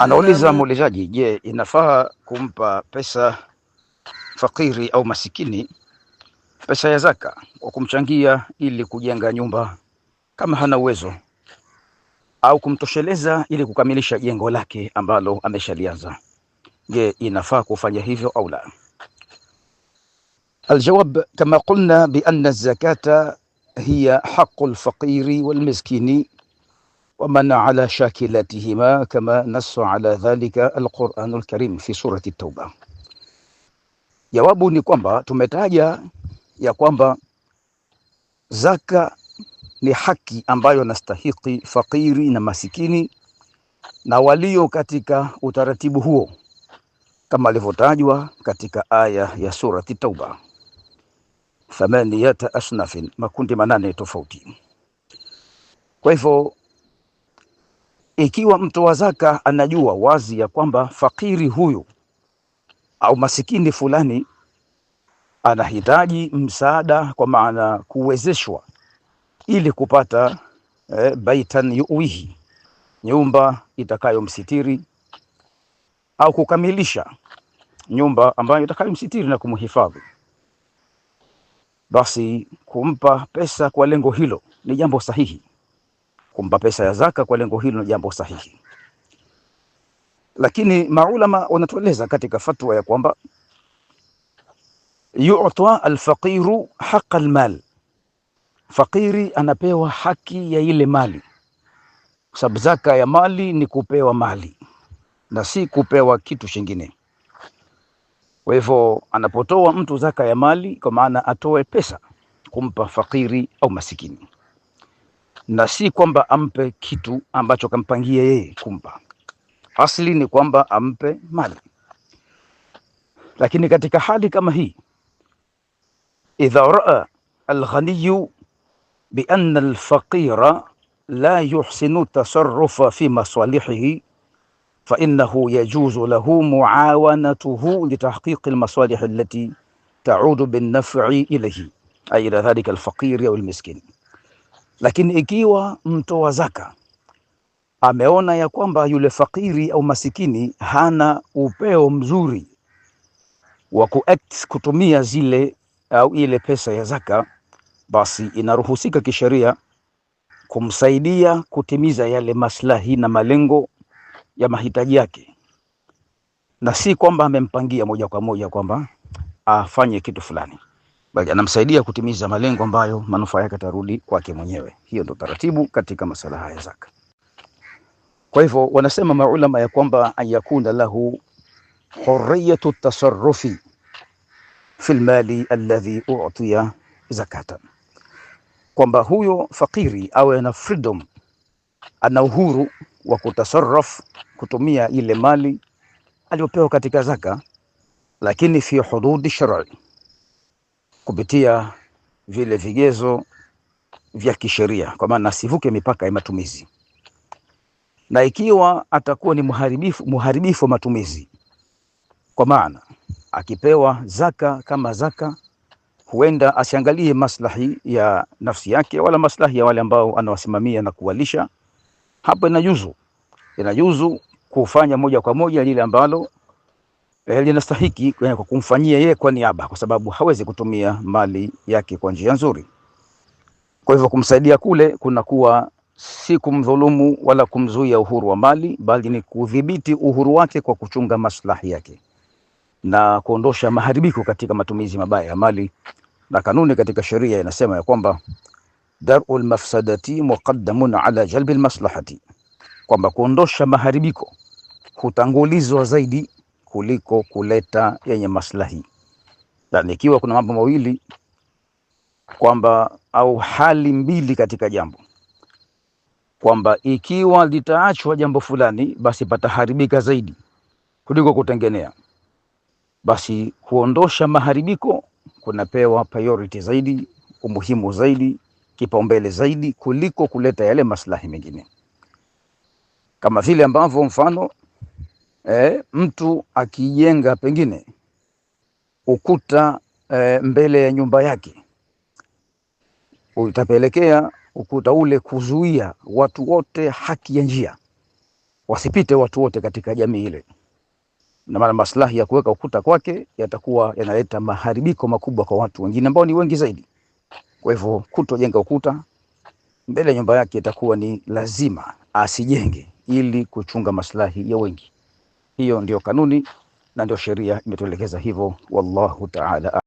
Anauliza muulizaji, je, inafaa kumpa pesa fakiri au masikini pesa ya zaka kwa kumchangia ili kujenga nyumba kama hana uwezo au kumtosheleza ili kukamilisha jengo lake ambalo ameshalianza? Je, inafaa kufanya hivyo au la? Aljawab kama qulna bi anna zakata hiya haqu lfaqiri walmiskini waman ala shakilatihima kama nassa ala dhalika alquranu lkarim fi surati Tauba. Jawabu ni kwamba tumetaja ya kwamba zaka ni haki ambayo anastahiki fakiri na masikini na walio katika utaratibu huo kama alivyotajwa katika aya ya surati Tauba thamaniyata asnafin, makundi manane tofauti. Kwa hivyo ikiwa mtoa zaka anajua wazi ya kwamba fakiri huyu au masikini fulani anahitaji msaada, kwa maana kuwezeshwa ili kupata eh, baitan yuwihi, nyumba itakayomsitiri au kukamilisha nyumba ambayo itakayomsitiri na kumhifadhi basi kumpa pesa kwa lengo hilo ni jambo sahihi. Kumpa pesa ya zaka kwa lengo hilo ni jambo sahihi, lakini maulama wanatueleza katika fatwa ya kwamba yu'ta alfaqiru haqa almal, fakiri anapewa haki ya ile mali, sababu zaka ya mali ni kupewa mali na si kupewa kitu kingine. Kwa hivyo anapotoa mtu zaka ya mali, kwa maana atoe pesa kumpa fakiri au masikini, na si kwamba ampe kitu ambacho kampangia yeye kumpa. Asili ni kwamba ampe mali, lakini katika hali kama hii, idha raa alghaniyu bianna alfaqira la yuhsinu tasarufa fi masalihihi fa innahu yajuzu lahu muawanatuhu litahqiqi almasalih allati taudu binaf'i ilayhi ay ila dhalika alfaqiri au almiskini. Lakini ikiwa mtoa zaka ameona ya kwamba yule fakiri au masikini hana upeo mzuri wa kuact kutumia zile au ile pesa ya zaka, basi inaruhusika kisheria kumsaidia kutimiza yale maslahi na malengo ya mahitaji yake, na si kwamba amempangia moja kwa moja kwamba afanye kitu fulani, bali anamsaidia kutimiza malengo ambayo manufaa yake atarudi kwake mwenyewe. Hiyo ndo taratibu katika masala haya zaka. Kwa hivyo wanasema maulama ya kwamba ayakuna lahu huriyatu tasarufi fi lmali alladhi utiya zakatan, kwamba huyo fakiri awe na freedom, ana uhuru wa kutasarraf kutumia ile mali aliyopewa katika zaka, lakini fi hududi shar'i, kupitia vile vigezo vya kisheria, kwa maana asivuke mipaka ya matumizi. Na ikiwa atakuwa ni muharibifu muharibifu wa matumizi, kwa maana akipewa zaka kama zaka, huenda asiangalie maslahi ya nafsi yake wala maslahi ya wale ambao anawasimamia na kuwalisha hapo inajuzu, inajuzu kufanya moja kwa moja lile ambalo eh, linastahiki eh, kwa kumfanyia yeye kwa niaba, kwa sababu hawezi kutumia mali yake kwa njia nzuri. Kwa hivyo kumsaidia kule kunakuwa si kumdhulumu wala kumzuia uhuru wa mali, bali ni kudhibiti uhuru wake kwa kuchunga maslahi yake na kuondosha maharibiko katika matumizi mabaya ya mali. Na kanuni katika sheria inasema ya kwamba daru lmafsadati muqaddamun ala jalbi lmaslahati, kwamba kuondosha maharibiko hutangulizwa zaidi kuliko kuleta yenye maslahi. Yani ikiwa kuna mambo mawili kwamba au hali mbili katika jambo kwamba ikiwa litaachwa jambo fulani, basi pataharibika zaidi kuliko kutengenea, basi kuondosha maharibiko kunapewa priority zaidi, umuhimu zaidi kipaumbele zaidi kuliko kuleta yale maslahi mengine, kama vile ambavyo mfano eh, mtu akijenga pengine ukuta eh, mbele ya nyumba yake utapelekea ukuta ule kuzuia watu wote haki ya njia, wasipite watu wote katika jamii ile, na maana maslahi ya kuweka ukuta kwake yatakuwa yanaleta maharibiko makubwa kwa watu wengine ambao ni wengi zaidi. Kwa hivyo kutojenga ukuta mbele ya nyumba yake itakuwa ni lazima asijenge ili kuchunga maslahi ya wengi. Hiyo ndio kanuni na ndio sheria imetuelekeza hivyo, wallahu taala.